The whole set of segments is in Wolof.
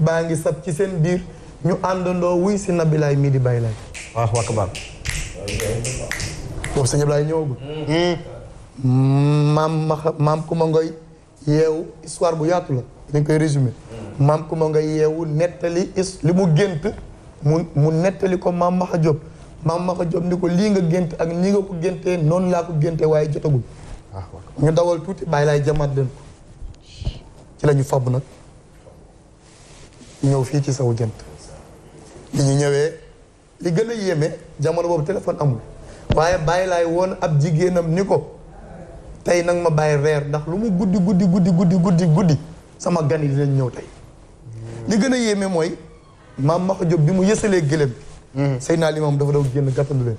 baa ngi sab ci seen biir ñu àndandoo wuy si nabilaay mii di bàyyi laay waaw waa kabaar boobu ñëwagul maam ma maam ku ma ngay yeewu histoire bu yaatu la dañ koy résumé maam ku ma nga yeewu nettali is li mu gént mu mu nettali ko maam Maxa Jóob maam Maxa Jóob ni ko lii nga gént ak nii nga ko géntee noonu laa ko géntee waaye jotagul ñu dawal tuuti bàyyi laay jamaat leen ko ci la fab nag ñëw fii ci saw jant bi ñu ñëwee li gën a yéeme jamono boobu téléphone amul waaye bàyyi laay woon ab jigéenam ni ko tey nag ma bàyyi reer ndax lu mu guddi guddi guddi guddi guddi guddi sama gan yi dinañ ñëw tey li gën a yéeme mooy maam Maxa Jóob bi mu yësalee gëlëm bi mm-hmm. sëy naa limaam dafa daw génn gàttandu leen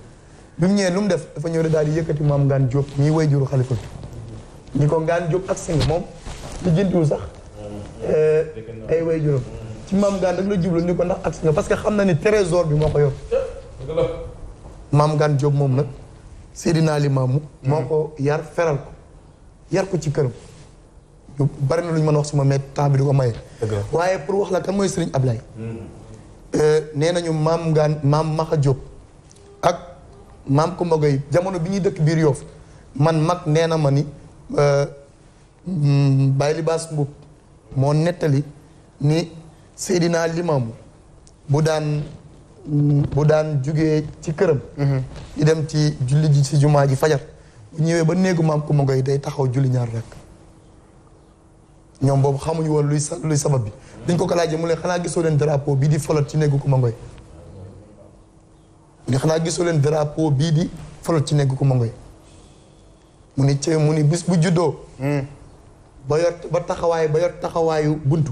bi mu ñëwee lu mu def dafa ñëw de daal di yëkkati maam Ngaan Jóob ñii way juru xalifa bi ñi ko Ngaan Jóob ak sing moom li jëntiwul sax mm-hmm. eh, ay way juróom ci maam gaan rek la jublu ni ko ndax agsi nga parce que xam na ni trésor bi moo ko yor maam gaan Jóob moom nag Seydina Limaamu moo ko yar feral ko yar ko ci këram yu lu ñu mën wax suma met temps bi du ko maye waaye pour wax la kan mooy Sëriñ Ablaay hmm. euh, nee nañu maam ngaan maam Maxa Jóob ak maam Kumba Gay jamono bi ñuy dëkk biir Yoof man mag nee na ma ni euh, Baay Libaas Mbuub moo nettali ni Seydina Limaamu bu daan bu daan jugee ci këram mhm. di dem ci julli ji ci jumaa ji fajar bu ñëwee ba néegu maam ku ma goy day taxaw julli ñaar rek ñoom boobu xamuñu woon luy sabab bi dañ ko ko laajee mu ne gisoo leen drapeau bii di folot ci néegu ku ma ngoy xanaa gisoo leen drapeau bii di folot ci néegu ku ma ngoy mu ni cee mu ni bu juddoo mhm. ba yor ba taxawaay ba yor taxawaayu buntu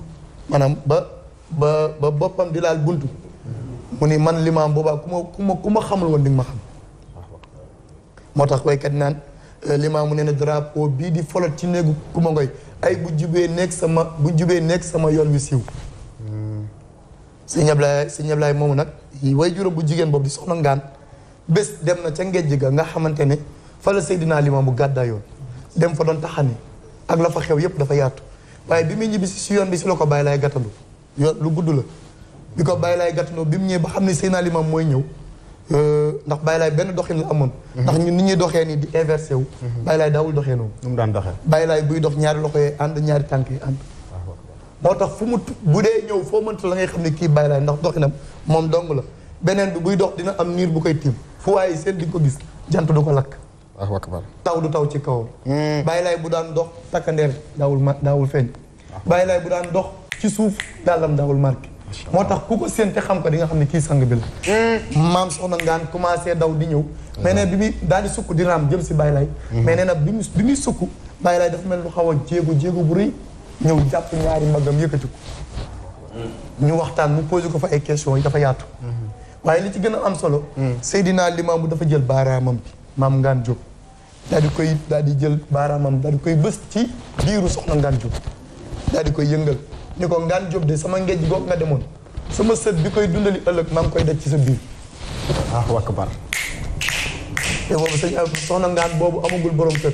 maanaam ba ba ba boppam di laal buntu mu ni man limaam boobaa ku ma ku ma ku ma xamul woon di ma xam moo tax waykat naan euh, limaamu nee na drapeau bii di folot ci néegu ku ma ngoy ay bu jubee nekk sama bu jubee nekk sama yoon wi siiw si ñablaay si ñablaay moomu nag way juróom bu jigéen boobu di soxna ngaan bés dem na ca ngejj ga nga xamante ne fa la Seydina Limaamu bu gàddaayoon dem fa doon taxani ak la fa xew yépp dafa yaatu waaye bi muy ñibbi si yoon bi si la ko bàyyi laay gàttandu yo lu gudd la bi ko Baye Laye gàttandoo bi mu ñëwee ba xam ne Seydina Limam mooy ñëw euh, ndax Baye Laye benn doxin la amoon mhm. ndax ñun ni ñuy doxee nii di inversé wu mhm. Baye Laye daawul doxee noonu nu mu daan doxee Baye Laye buy dox ñaari loxo ànd ñaari tànk yi ànd moo tax fu mu bu dee ñëw foo mënta la ngay xam ne kii Baye Laye ndax doxinam moom dong la beneen bi buy dox dina am niir bu koy tiim fu waaye seen di ko gis jant du ko lakk waaw taw du taw ci kawam hmm. Baye Laye bu daan dox takkandeer daawul ma daawul feeñ ah. Baye Laye bu daan dox ci suuf dàllam daawul marqué moo tax ku ko séen te xam ko di nga xam ne kii sang bi la hmm. maam soxna ngaan commencé daw di ñëw hmm. mais ne bi muy daal di sukk di raam si bàyyi lay hmm. mais nee bi mu bi muy sukk bàyyi lay dafa mel lu xaw a jéego jéego bu rëy ñëw jàpp ñaari mbaggam yëkkati ko ñu waxtaan mu posé ko fa ay questions yi dafa yaatu waaye li ci gën a am solo Seydina Limaamu dafa jël baaraamam bi maam ngaan jóg daal di koy daal di jël baaraamam daal di koy bës ci biiru soxna ngaan jóg daal di koy yëngal ni ko ngaan jóob de sama ngejj goog nga demoon sama sët bi koy dundali ëllëg maa ngi koy def ci sa biir waaw akbar te boobu sëñ soxna ngaan boobu amagul borom kër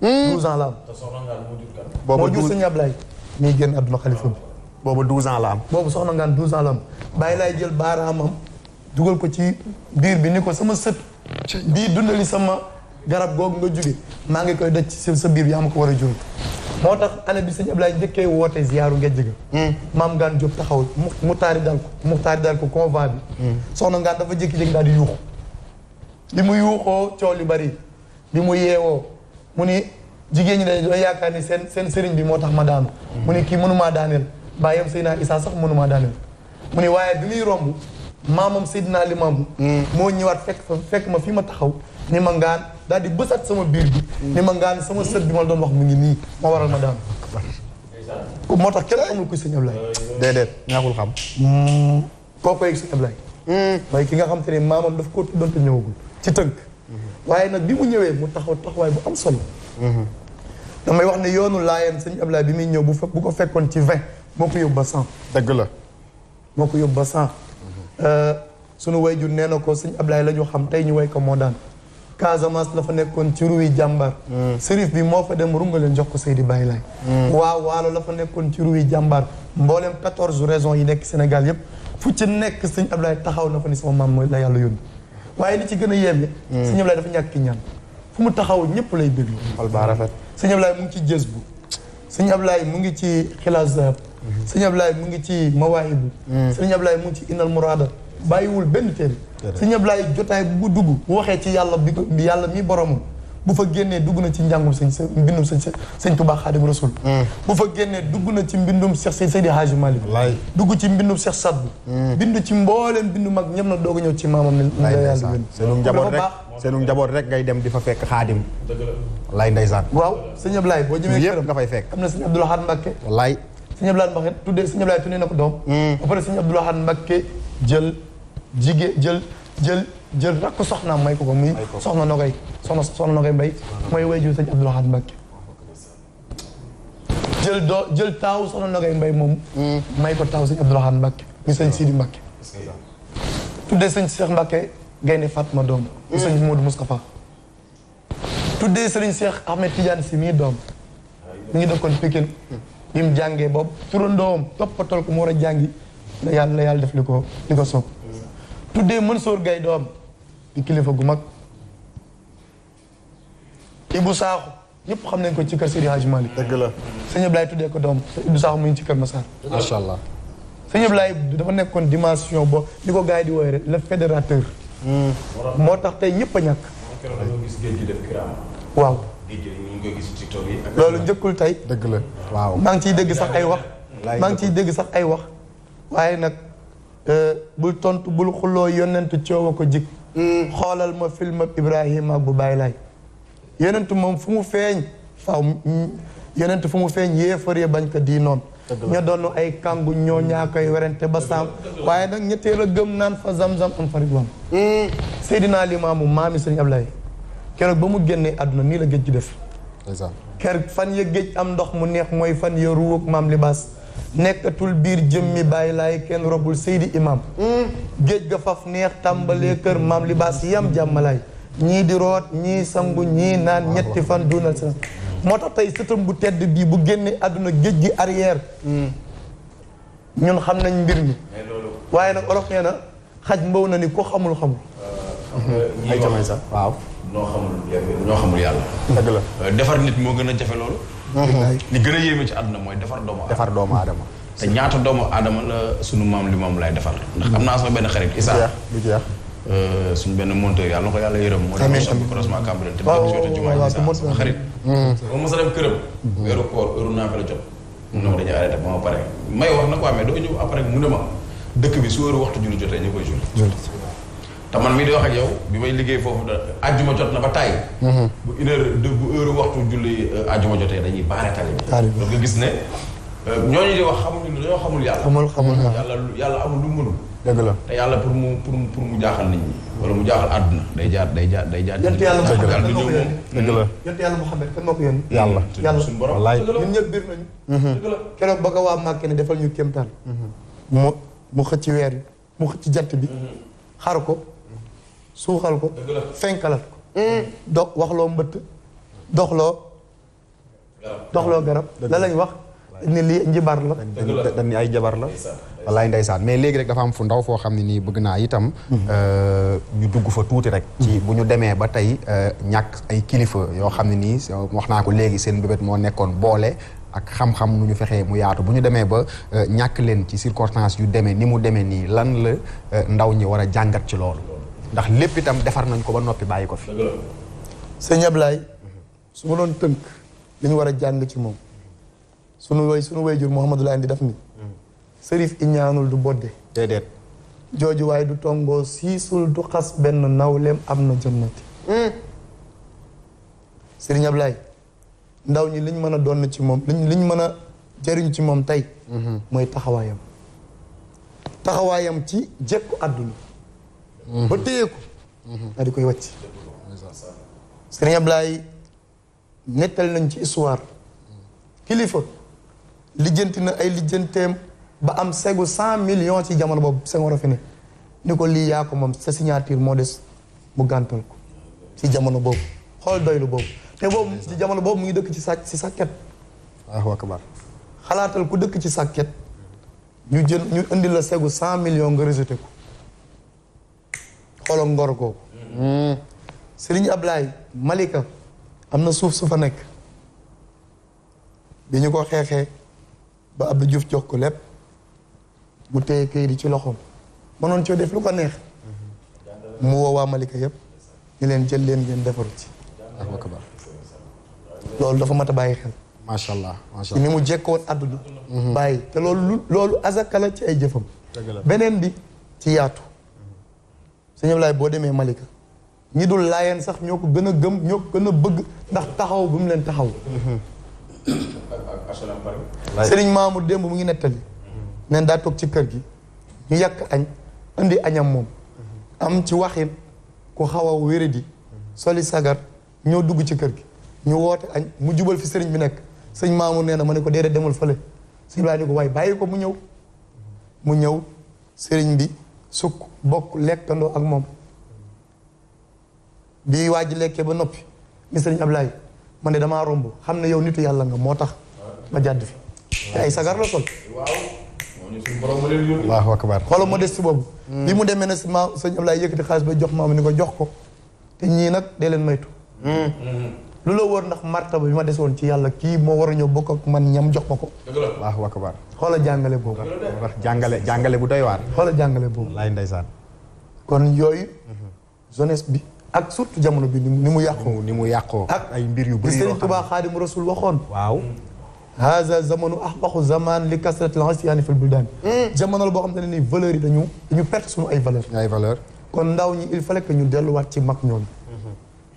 12 hmm. ans la am moo jur sëñ Ablaye ñuy génn àdduna xalifa bi boobu 12 ans la boobu soxna ngaan 12 ans la am bàyyi laay jël baaraamam dugal ko ci biir bi ni ko sama sët bii dundali sama garab googu nga jóge maa ngi koy def ci sa biir yaa ma ko war a jur moo tax année bi sëñ laay njëkkee woote ziyaaru ngejj ga hmm. maam ngaan Diop taxaw mu muxtaari dal ko muxtaari dal ko convent bi hmm. soxna ngaan dafa jékki-jékki daal di yuuxu li mu yuuxoo coow li bari li mu yeewoo mu ni jigéen ñi dañu doon yaakaar ni seen seen sëriñ bi moo tax ma daanu hmm. mu ni kii mënumaa daaneel bàyyam Seydina Issa sax mënumaa daaneel mu ni waaye bi muy romb maamam Seydina Limaamu moo ñëwaat fekk fekk ma fi ma taxaw ni ma ngaan daal di bësat sama biir bi ni ma ngaan sama sët bi ma doon wax mu ngi nii ma waral ma daan moo tax kenn amul kuy sëñ Ablaye déedéet ñaakul xam hmm. kooku yëg sëñ hmm. ki nga xam te ne maamam daf koo tuddoon te ñëwagul ci hmm. nag bi mu ñëwee mu taxaw taxawaay bu am solo wax ne yoonu laayeen sëñ Ablaye bi muy ñëw bu bu ko fekkoon ci vingt moo ko yóbbu ba cent dëgg la moo ko yóbbu ba cent euh, sunu way jur nee na ko sëñ Ablaye la ñu xam tey ñu way ko moo daan Casamance la fa nekkoon ci ruwi jàmbar mm. sërif bi moo fa dem rungaleen jox ko Seydi Baye Laay mm. waaw waalo la fa nekkoon ci ruwi jàmbar mboolem quatorze régions yi nekk Sénégal yépp fu ci nekk sëñ Abdoulaye taxaw na fa ni sama maam mooy la yàlla yónni waaye li ci gën a yéeme mm. sëñ Abdoulaye dafa ñàkk ñaan fu mu taxaw ñëpp lay déglu xol baa rafet sëñ Abdoulaye mu ngi ci jës bu sëñ Abdoulaye mu ngi ci xilaas zahab mm-hmm. sëñ Abdoulaye mu ngi ci mawaahibu sëñ Abdoulaye mu ngi ci inal muraada bàyyiwul benn téere si ñëpp laay jotaay bu dugg bu waxee ci yàlla bi bi yàlla mi boromam bu fa génnee dugg na ci njàngum sëñ sa mbindum sëñ sa sëñ Tuubaa Xaadimu Rasuul hmm. bu fa génnee dugg na ci mbindum Cheikh Seydi Hadji Malick dugg ci mbindum Cheikh Sadbu hmm. bindu ci mbooleem bindu mag ñëpp na doog a ñëw ci maamam ne la yàlla bind seenu njaboot rek seenu njaboot rek ngay dem di fa fekk xaadim wallaay ndeysaan waaw sëñ Ablaay boo jëmee yëpp nga fay fekk am na sëñ Abdou Lahad Mbacké wallaay sëñ Ablaay na ko doom hmm. ba pare sëñ Abdou Lahad Mbacké jël jigéen jël jël jël rakk soxna may ko ko muy soxna Nogay soxna soxna Nogay Mbay mooy wayjur sëñ Abdou Lahad Mbacké jël doo jël taaw soxna Nogay Mbay moom hmm. may ko taaw sëñ Abdou Lahad Mbacké muy sëñ Sidi Mbacké tuddee sëñ Cheikh Mbacké Gaynde Fatma doom muy hmm. sëñ Modou Moustapha tuddee sëriñ Cheikh Ahmed Tidiane si mii doom mu ngi def Pikine hmm. bi mu jàngee boobu turandoom toppatoo ko mu war a jàngi la yàlla yàlla def li ko li ko soob tuddee Mansour gay doom di kilifa gu mag Ibou Sakho ñëpp xam nañ ko ci kër Serigne Hadj Malick dëgg la sëñ Ablaye tuddee ko doom Ibou Sakho mu ngi ci kër Massar macha allah sëñ dafa nekkoon dimension bo li ko gars di woowee rek le fédérateur hmm. moo tax tey ñëpp a ñàkk waaw loolu njëkkul tey dëgg la waaw maa ngi ciy dégg sax ay wax maa ngi ciy dégg sax ay wax waaye nag Euh, bul tontu bul xuloo yonent coow a ko jig hmm. xoolal ma film ab Ibrahima ak bu Baay Laay yonent moom fu mu feeñ faaw yonent fu mu feeñ yee ya bañ ko dii noonu ay kàngu ñoo ñaa koy werante ba saam waaye nag ñetteel a gëm naan fa zam-zam am farit wam hmm. Seydina Limaamu maami Sëriñ Ablaye keroog ba mu génnee àdduna nii la géej gi def ker fan ya am ndox mu neex mooy fan ya ruwóog nekkatul biir jëmmi bàyyi laay kenn robul seydi imam géej ga faf neex tàmbalee kër maam libaas yam jàmmalaay ñii di root ñii sangu ñii naan ñetti fan duunal sa moo tax tey sëtam bu tedd bii bu génnee àdduna géej gi arrière ñun xam nañ mbir mi waaye nag olof xaj mbaw na ni ko xamul xamul euh, ay sax waaw ñoo xamul yàlla dëgg la euh, defar nit moo gën a jafe loolu li gën a yéeme ci àdduna mooy defar doomu aadama defar doomu aadama. te ñaata doomu aadama la sunu maam li maam lay defar. ndax am naa sama benn xarit Issa. Euh, suñ benn monteur yàlla na ko yàlla yërëm moo dem sobi croisement Cambérène te jota jumaa ji sama xarit mm-hmm. ba mos a dem këram mm-hmm. weeru koor heure naa la jot mu ne ma dañuy arrêté ba ma pare may wax na ko amee doo ñëw après mu ne ma dëkk bi su heure waxtu julli jotee ñu koy julli te man mii di wax ak yow bi may liggéey foofu da àjjuma jot na ba tàyyi. Mhm. bu une heure de bu heure waxtu julli euh, àjjuma jotee dañuy baare tali bi. donc nga gis ne euh, ñooñu di wax xamuñu dañoo xamul yàlla. xamul xamul yàlla yàlla amul lu mënul. dëgg la te yàlla pour mu pour mu pour mu jaaxal nit ñi. wala mu jaaxal àdduna day jaar day jaar day jaar. dëgg la dëgg la dëgg yàlla Muhammad kan moo ko yónni. yàlla yàlla suñu borom wallaay ñun ñëpp biir nañu. Mhm. dëgg la keroog ba nga waa Màkka ne defal ñu kéemtaan. Mhm. mu mu xëcc weer bi mu xëcc jant bi xaar ko suuxal ko fenkalal ko mm. waxloo mbëtt doxloo doxloo garab la lañ wax ne lii njibar la ni ay jabar la ay ndeysaan mais léegi rek dafa am fu ndaw foo xam ne nii bëgg naa itam mm-hmm. euh, ñu dugg fa tuuti rek mm-hmm. ci bu ñu demee ba tey euh, ñàkk ay kilifa yoo xam ne nii wax naa ko léegi seen bébét moo nekkoon boole ak xam-xam nu ñu fexee mu yaatu bu ñu demee ba euh, ñàkk leen ci circonstance yu demee ni mu demee nii lan la ndaw ñi war a jàngat ci loolu ndax lépp itam defar nañ ko ba noppi bàyyi ko fi. sëñ su ma doon tënk liñ war a jàng ci moom sunu way sunu wayjur Mouhamadou Laye di def ni sërif iñaanul du bodde déedéet jooju waaye du tongoo siisul du xas benn nawleem am na jënnati hmm. sëriñ ndaw ñi liñ mën a doon ci moom liñ liñ mën a jëriñ ci moom tey hmm. mooy taxawaayam taxawaayam ci jekku àdduna ba téye ko. daal di koy wàcc. Sëriñ Ablaay nettali nañ ci histoire. kilifa lijjanti na ay lijjanteem ba am segu cent millions ci jamono boobu Senghor a fi ne ni ko lii yaa ko moom sa signature moo des mu gàntal ko ci jamono boobu xool doylu boobu te boobu jamono boobu mu ngi dëkk ci sa ci sàkket waaw xalaatal ku dëkk ci sàkket ñu jën ñu indi la segu cent million nga rejeté ko mbooloo ngor googu hmm. Serigne Ablaye Malika am na suuf su fa nekk bi ñu ko xeexee ba Abdou Diouf jox ko lépp mu téye kayit yi ci loxoom mënoon coo def lu ko neex mu woo waa Malika yëpp ñu leen jël leen ngeen defaru ci loolu dafa mat bàyyi xel macha allah macha allah ni mu jekkoon àdduna hmm. bàyyi te loolu loolu azaka la ci ay jëfam beneen bi ci yaatu sëñ Ablaye boo demee Malika ñi dul laayeen sax ñoo ko gën a gëm ñoo ko gën a bëgg ndax taxaw bu mu leen taxaw. sëriñ Mamour démb mu ngi nettali. neen daa toog ci kër gi ñu yàq añ indi añam moom. am ci waxin ku xaw a wéradi soli sagar ñoo dugg ci kër gi ñu woote añ mu jubal fi sëriñ bi nekk sëñ Mamour nee na ma ne ko déedéet demul fële sëñ Ablaye ni ko waaye bàyyi ko mu ñëw mu ñëw sëriñ bi. sukk bokk lekkandoo ak moom bi waa ji lekkee ba noppi mi sëriñ Ablaye man de damaa romb xam ne yow nitu yàlla nga moo tax ma jàdd fi te ay sagar la sol allahu akbar moo des si boobu hmm. bi mu demee ne si ma sëriñ Ablaye yëkkati xaalis ba jox maam ni ko jox ko te ñii nag dee leen maytu hmm. Hmm. lu la wóor ndax martaba bi ma des ci yàlla kii moo war a ñëw bokk ak man ñam jox ma ko waaw wakabar xoola jàngale boobu wax jàngale jàngale bu doy waar xoola jàngale boobu laay ndaysaan kon yooyu jeunesse bi ak surtout jamono bi ni mu yàqoo ni mu yàqoo ak ay mbir yu bëri yoo xam ne Sëriñ Tuubaa Xaadimu Rasuul waxoon waaw haza zamanu ahbaxu zaman li kasratil isyaani fil buldan hmm. jamono la boo xam ne ni valeur yi dañu dañu perte suñu ay valeur ay valeur kon ndaw ñi il fa que ñu delluwaat ci mag ñoom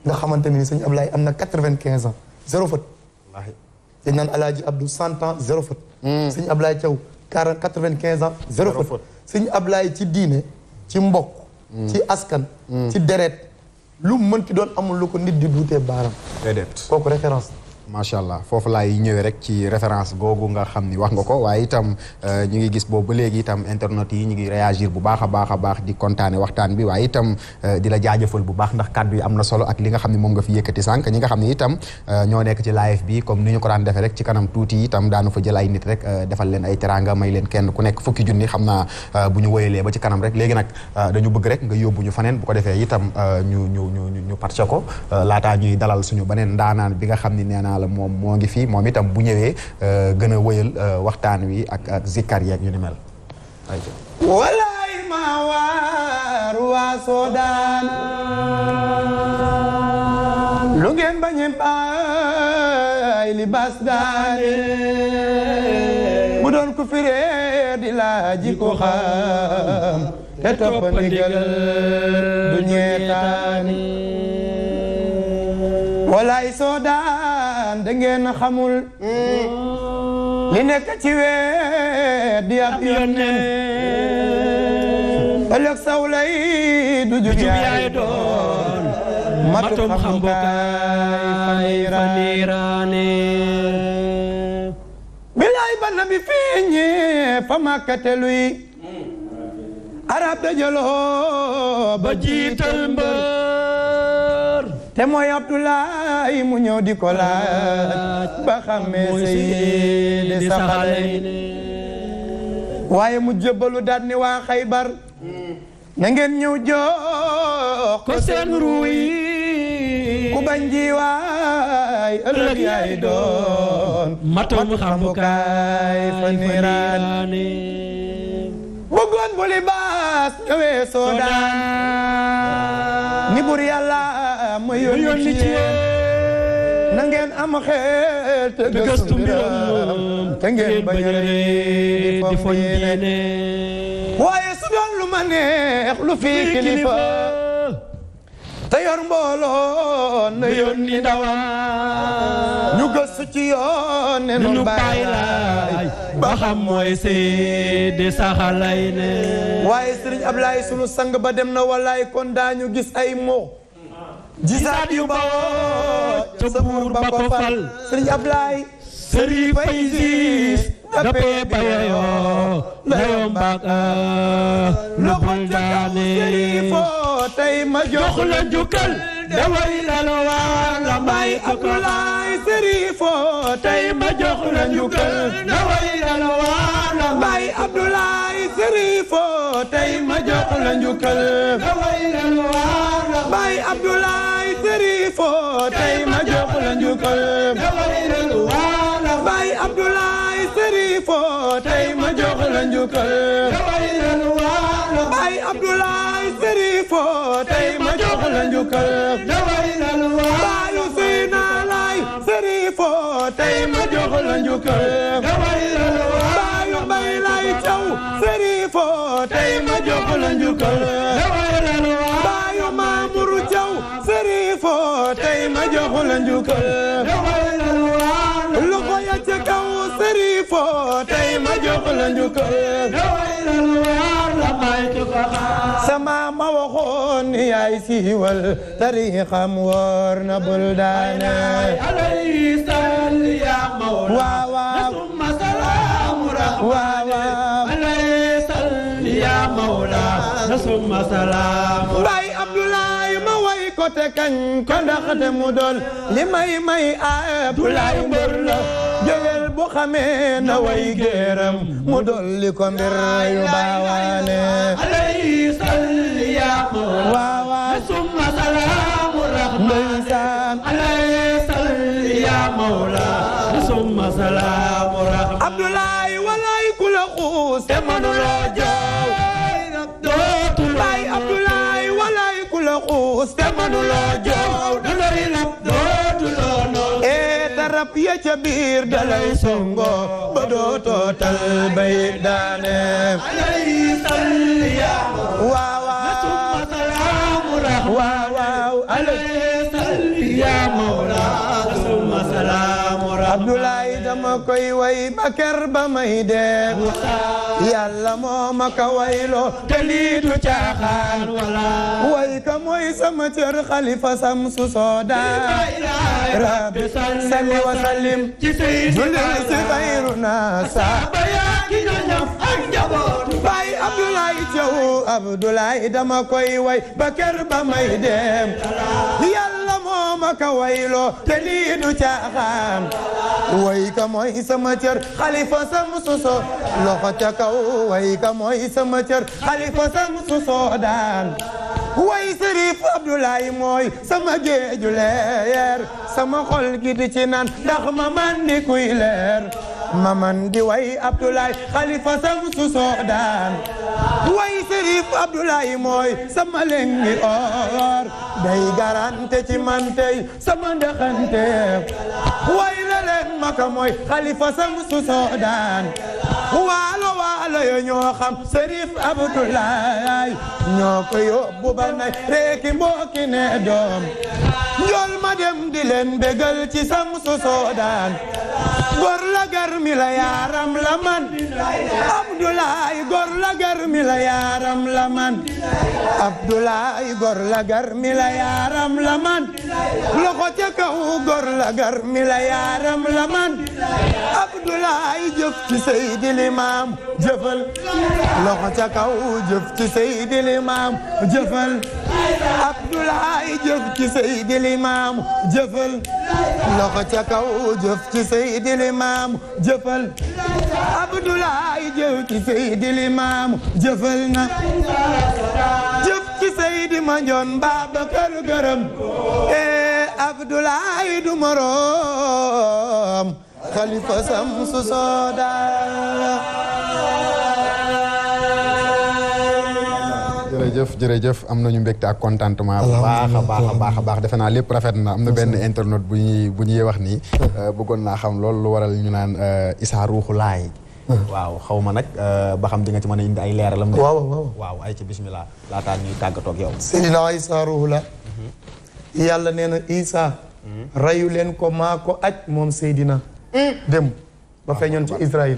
nga xamante ni sëñ Ablaye am na quatre-vingt-quinze ans zéro faute. wallaahi dañ naan Alaaji Abdou cent ans zéro faute. Hmm. sëñ Ablaye Thiaw quarante quatre-vingt-quinze ans zéro ci diine ci mbokk. Hmm. ci askan. Hmm. ci deret lu mu mënti doon amul lu ko nit di duutee baaram. déedéet kooku référence macha allah foofu laay ñëwee rek ci référence googu nga xam ni wax nga ko waaye itam euh, ñu ngi gis boobu ba léegi itam internet yi ñu ngi réagir bu baax a baax a baax di kontaane waxtaan bi waaye itam euh, di la jaajëfal bu baax ndax kàddu yi am na solo ak li nga xam ne moom nga fi yëkkati sànq ñi nga xam ne itam euh, ñoo nekk ci live bi comme ni ñu ko daan defee rek ci kanam tuuti itam daanu fa jël ay nit rek defal leen ay teranga may leen kenn ku nekk fukki junni xam naa bu ñu wéyalee ba ci kanam rek léegi nag dañu bëgg rek nga yóbbu ñu faneen bu ko defee itam ñu ñu ñu ñu parce ko laataa ñuy dalal suñu beneen ndaanaan bi nga xam ni nee naa taala moom moo ngi fii moom itam bu ñëwee euh, gën a euh, waxtaan wi ak ak zikkar yeeg yu ni mel walaay ma waar waa Soodaan lu ngeen bañe baay li bas daane mu doon ku firee di laaji ko xam te topp ndigal du ñeetaani walaay Soodaan ndeysaan da ngeen xamul mm. li nekk ci weet di ab yónneen mm. du jub yaay doon matum xam bokkaay faniraane bilaay ba nabi feeñee fa màkkate luy mm. arab dajaloo ba jiital mbër te mooy Abdoulaye mu ñëw di ko laaj ba xamee sayyidi saxalayni waaye mu jébbalu daal ni waa Xaybar na ñëw jox ko seen ruuy ku bañ jiwaay ëllëg yaay doon matam xamukaay fa niiraani bëggoon bu libaas ñëwee soodaan ni bur ma yónni ci yéen na ngeen am xel te gëstu mbiram a réer di foñ diine waaye su doon lu ma neex lu fi kilifa te yor mbooloo na yónni ndawam ñu gëstu ci yoon ne nu bàyyi laay ba xam mooy seede saxalay ne waaye sëriñ Ablaye sunu sang ba dem na walaay kon daañu gis ay moo gisaat yu bawoo ca buur ba ko fal sëriñ Ablaay sëriñ fay siis dapee bayoo layoom baag lu bul daane foo tey ma jox la njukkal daway lala waa nga may ak laay sëriñ foo tey ma jox la njukkal daway lala waa nga may Abdoulaye sëriñ foo tey ma jox la njukkal daway lala waa Baay Abdoulaye Serifo tey ma jox la njukkal joxu la njukkal loxo ya ca kaw sërifo tey ma joxu la njukkal sama ma waxoon ni yaay siiwal tariixam woor na bul daane waaw waaw waaw waaw ko te kañ li may may ab lay mbër la jógel bu way géeram mu dolli ko mbir yu baawaane alayhi salli ya waawa summa salaamu salli ya mawla ya ca dalay songo ba dootoo tal bay daaneem alayhi salli ya waaw waaw salli ya Abdoulaye dama koy way ba ba may dee yàlla moo ka wayloo te lii du way ka mooy sama cër xalifa samsu soodaa rabbi salli wa sallim julli ci xayru naa saaba yaa ki ñoñam ak njaboot bay Abdoulaye Thiaw Abdoulaye dama koy way ba ba may dee ma ka wayloo te lii du way ka mooy sama cër xalifa sam suso loxo ca kaw way ka mooy sama cër xalifa sam suso daan way Sërif Abdoulaye mooy xol gi di ci naan ma man di kuy leer ma di way Abdoulaye Khalifa Samsu Soxdaan way Serif Abdoulaye mooy sama lengi or day garante ci man tey sama ndaxante leen ma ko mooy xalifa Samsu Soodaan waalo waalo yo ñoo xam Serif Abdoulaye ñoo ko yóbbu ba nay reeki mbokki ne doom njool ma dem di leen bégal ci Samsu Soodaan gor la gar mi la yaaram la man Abdoulaye gor la gar mi la yaaram la man Abdoulaye gor la gar mi la yaaram la man loxo ca kaw gor la gar mi la yaaram yaram la man Abdoulaye jëf ci Seydi Limaam jëfal loxo ca kaw jëf ci Seydi Limaam jëfal Abdoulaye jëf ci Seydi Limaam jëfal loxo ca kaw jëf ci Seydi Limaam jëfal Abdoulaye jëf ci Seydi Limaam jëfal na jëf ci Seydi ma njoon Babacar gërëm eh. Abdoulaye du moroom xalifa Samsu Soda jërëjëf jërëjëf am nañu mbégte ak contentement bu baax a baax a baax a baax defe naa lépp rafet na am na benn internet bu ñu bu ñuy wax nii euh, bëggoon naa xam lool lu waral ñu naan euh, Issa Ruuxu Laay waaw xaw ma nag euh, ba xam di nga ci mën a indi ay leeralam waaw waaw waaw ay ci bismillah laataa ñuy tàggatoo ak yow Seydina Issa Ruuxu Laay yàlla nee na Isa rayu leen ko maa ko aj moom Seydina dem ba feeñoon ci Israël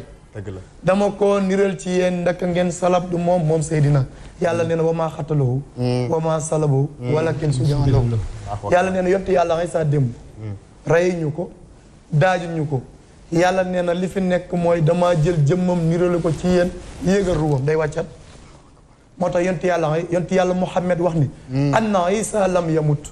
dama ko niral ci yéen ndaka ngeen salab du moom moom Seydina yàlla nee na wa maa xatalahu wala kenn salabahu walakin shubbiha lahu yàlla nee na yàlla Isa ko daajuñu ko yàlla na li fi nekk mooy dama jël jëmmam nirale ko ci yéen yéegal ruwam day wàccat moo tax yonti yàlla yonti yàlla Muhammad wax ni hmm. anna Isa lam yamut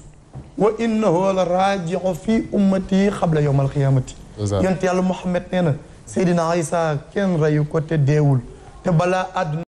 wa innahu la raaji'u fi ummati xabla yawmal qiyaamati yonent yàlla Muhammad nee na Seydina Isa kenn reyu ko te deewul te balaa àdduna